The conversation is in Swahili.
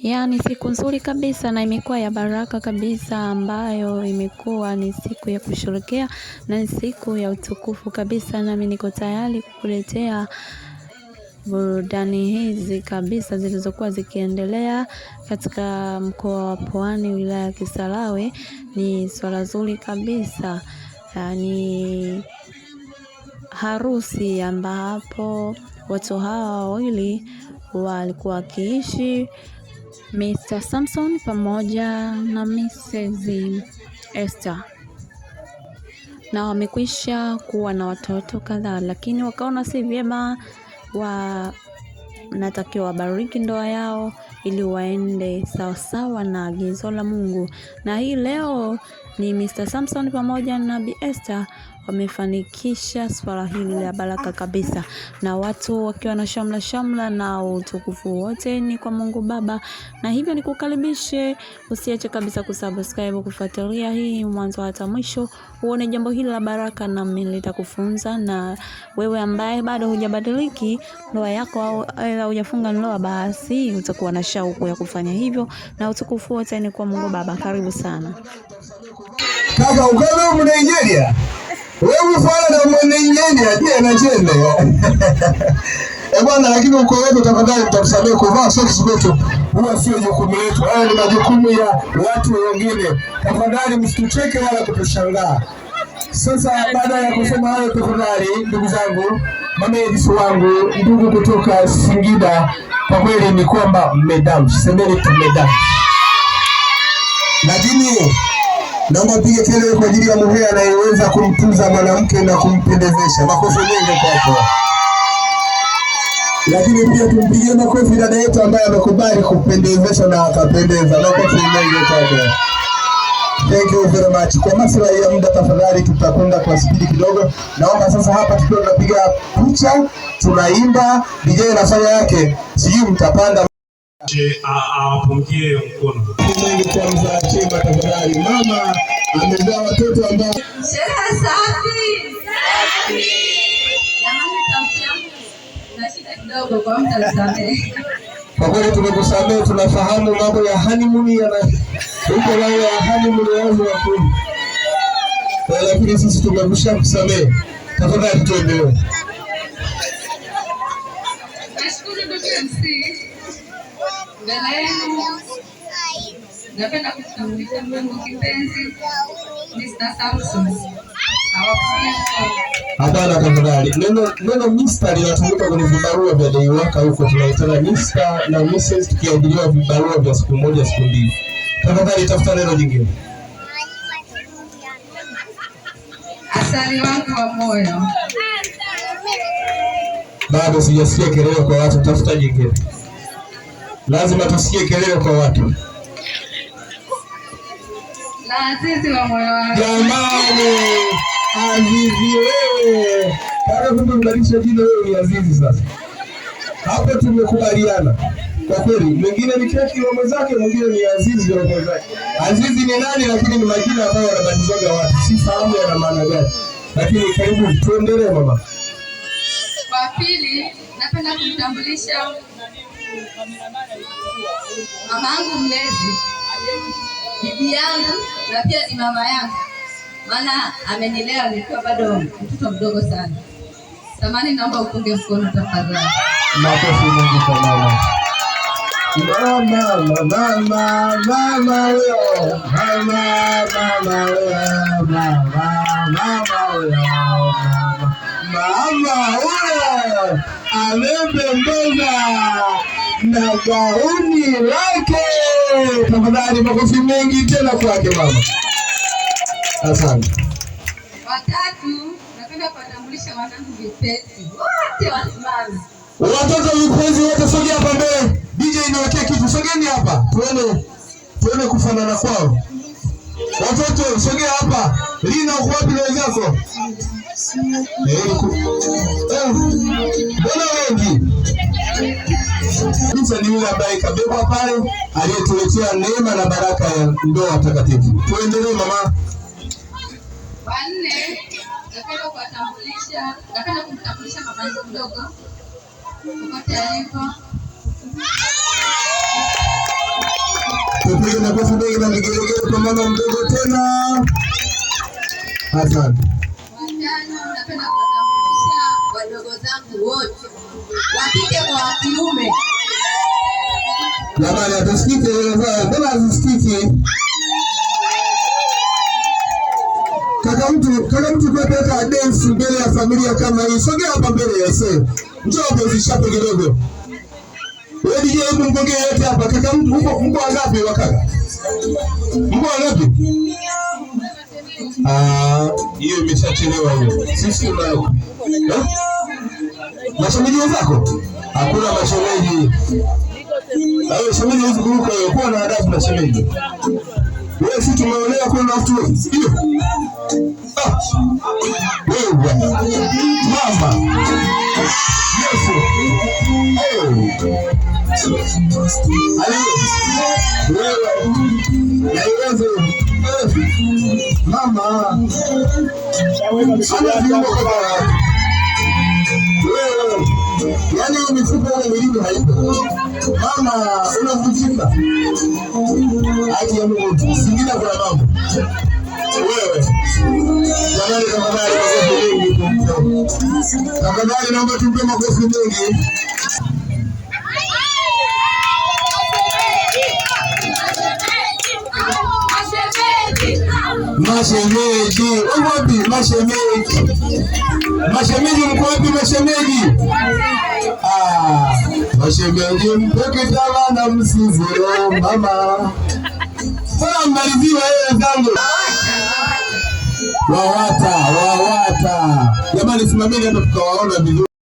Ya ni siku nzuri kabisa na imekuwa ya baraka kabisa ambayo imekuwa ni siku ya kusherekea na ni siku ya utukufu kabisa, nami niko tayari kukuletea burudani hizi kabisa zilizokuwa zikiendelea katika mkoa wa Pwani, wilaya ya Kisarawe. Ni swala zuri kabisa, yani harusi ambapo watu hawa wawili walikuwa wakiishi Mr. Samson pamoja na Mrs. Esther na wamekwisha kuwa na watoto kadhaa, lakini wakaona si vyema, wanatakiwa wabariki ndoa yao ili waende sawasawa na agizo la Mungu. Na hii leo ni Mr. Samson pamoja na Bi Esther wamefanikisha swala hili la baraka kabisa, na watu wakiwa na shamla shamla, na utukufu wote ni kwa Mungu Baba. Na hivyo nikukaribishe, usiache kabisa kusubscribe, kufuatilia hii mwanzo hata mwisho, uone jambo hili la baraka, na mimi nitakufunza. Na wewe ambaye bado hujabadiliki ndoa yako au hujafunga ndoa, basi utakuwa na shauku ya kufanya hivyo, na utukufu wote ni kwa Mungu Baba. Karibu sana. Kaka ukawa mu Nigeria. Wewe ufala na mu Nigeria pia na chende. Eh, bwana lakini uko wetu tafadhali mtamsamehe kuvaa socks kwetu. Huwa sio jukumu letu. Haya ni majukumu ya watu wengine. Tafadhali msitucheke wala kutushangaa. Sasa baada ya kusema hayo tafadhali, ndugu zangu, mama Elisi wangu, ndugu kutoka Singida, kwa kweli ni kwamba mmedamshi, semeni tumedamshi, lakini Naomba mpige kelele kwa ajili ya muhee anayeweza kumtunza mwanamke na kumpendezesha. Makofi mengi kwako. Lakini pia tumpigie makofi dada yetu ambaye amekubali kupendezesha na akapendeza. Makofi mengi kwako. Thank you very much. Kwa maslahi ya muda, tafadhali tutakwenda kwa spidi kidogo. Naomba sasa hapa tukiwa tunapiga picha, tunaimba, DJ nafanya yake, sijui mtapanda awapungie mkono. Mungu kwanza Mama amezaa watoto kwa kweli tunakusamehe, tunafahamu mambo ya honeymoon yana huko lao ya honeymoon yangu ya kuni. Lakini sisi tumekusha kusamehe. Tafadhali tuendelee. Nashukuru ndugu MC. Dada yenu napenda kukutambulisha mwanangu kipenzi Mr. Samson. Habari tafadhali. Neno neno Mr. linatumika kwenye vibarua vya daiwaka huko, tunaitana Mr. na Mrs. tukiajiliwa vibarua vya siku moja siku mbili. Tafadhali tafuta neno jingine. Asali wangu wa moyo. Bado sijasikia kelele kwa watu, tafuta jingine lazima tusikie kelele kwa watu. Jamani, Azizi wewe, kaaubadilisha jina, wewe ni Azizi sasa. Hapo tumekubaliana kwa kweli, mwingine ni keki wa mwenzake, mwingine ni Azizi wa mwenzake. Azizi ni nani? Lakini ni majina ambayo wanabatizwaga watu, fahamu yana maana gani, lakini karibu tuendelee. Mama wa pili, napenda kumtambulisha mama yangu mlezi, bibi yangu na pia ni mama yangu, maana amenilea nikiwa bado mtoto mdogo sana. Samani, naomba upunge mkono tafadhali. Makofi mengi kwa mama. Mama, mama, mama mama, mama, mama mama, mama, mama mama, mama mama, mama, na gauni lake. Tafadhali, makofi mengi tena kwake mama. Asante. Watatu, napenda kuwatambulisha wanangu vipenzi wote wasimame. Watoto vipenzi wote sogea hapa mbele. DJ inawekea kitu. Sogeni hapa. Tuone tuone kufanana kwao. Watoto sogea hapa. Lina uko wapi na wenzako? Eh, eh mbona wengi? Mtu ni yule ambaye kabebwa pale, aliyetuletea neema na baraka ya ndoa takatifu. Tuendelee mama. Wanne, nataka kuwatambulisha, nataka kumtambulisha mama yangu mdogo popote alipo. Tupige makofi mengi na vigelegele kwa mama mdogo tena. Asante. wa kike kwa wa kiume. Jamani, hatusikiki mbona hazisikiki? Kaka mtu, kaka mtu kuweka dance mbele ya familia kama hii. Sogea hapa mbele ya sasa. Njoo pozisha kidogo. Wewe DJ, hebu mgongee yote hapa. Kaka mtu, mko mko wangapi wakaka? Mko wangapi? Ah, hiyo imeshachelewa hiyo. Sisi tunao. Eh? Mashemeji zako? Hakuna mashemeji. Hayo shemeji hizi kuruka hiyo kwa na adabu na shemeji. Wewe si tumeolewa kwa na watu wengi. Ndio. Ah. Wewe bwana. mama. Yesu. Mama. wewe yaani hiyo mifuko ile milimo haipo. Mama unavunjika haki ya Mungu, singine kuna mambo wewe jamani, tafadhali, tafadhali naomba tumpe makofi mengi. mashemeji. Wapi mashemeji? Mashemeji mko wapi mashemeji? Ah, mashemeji mpeke talana msizero mama. Sasa mmaliziwe wewe zangu. Wawata, wawata. Jamani simameni hata tukawaona vizuri.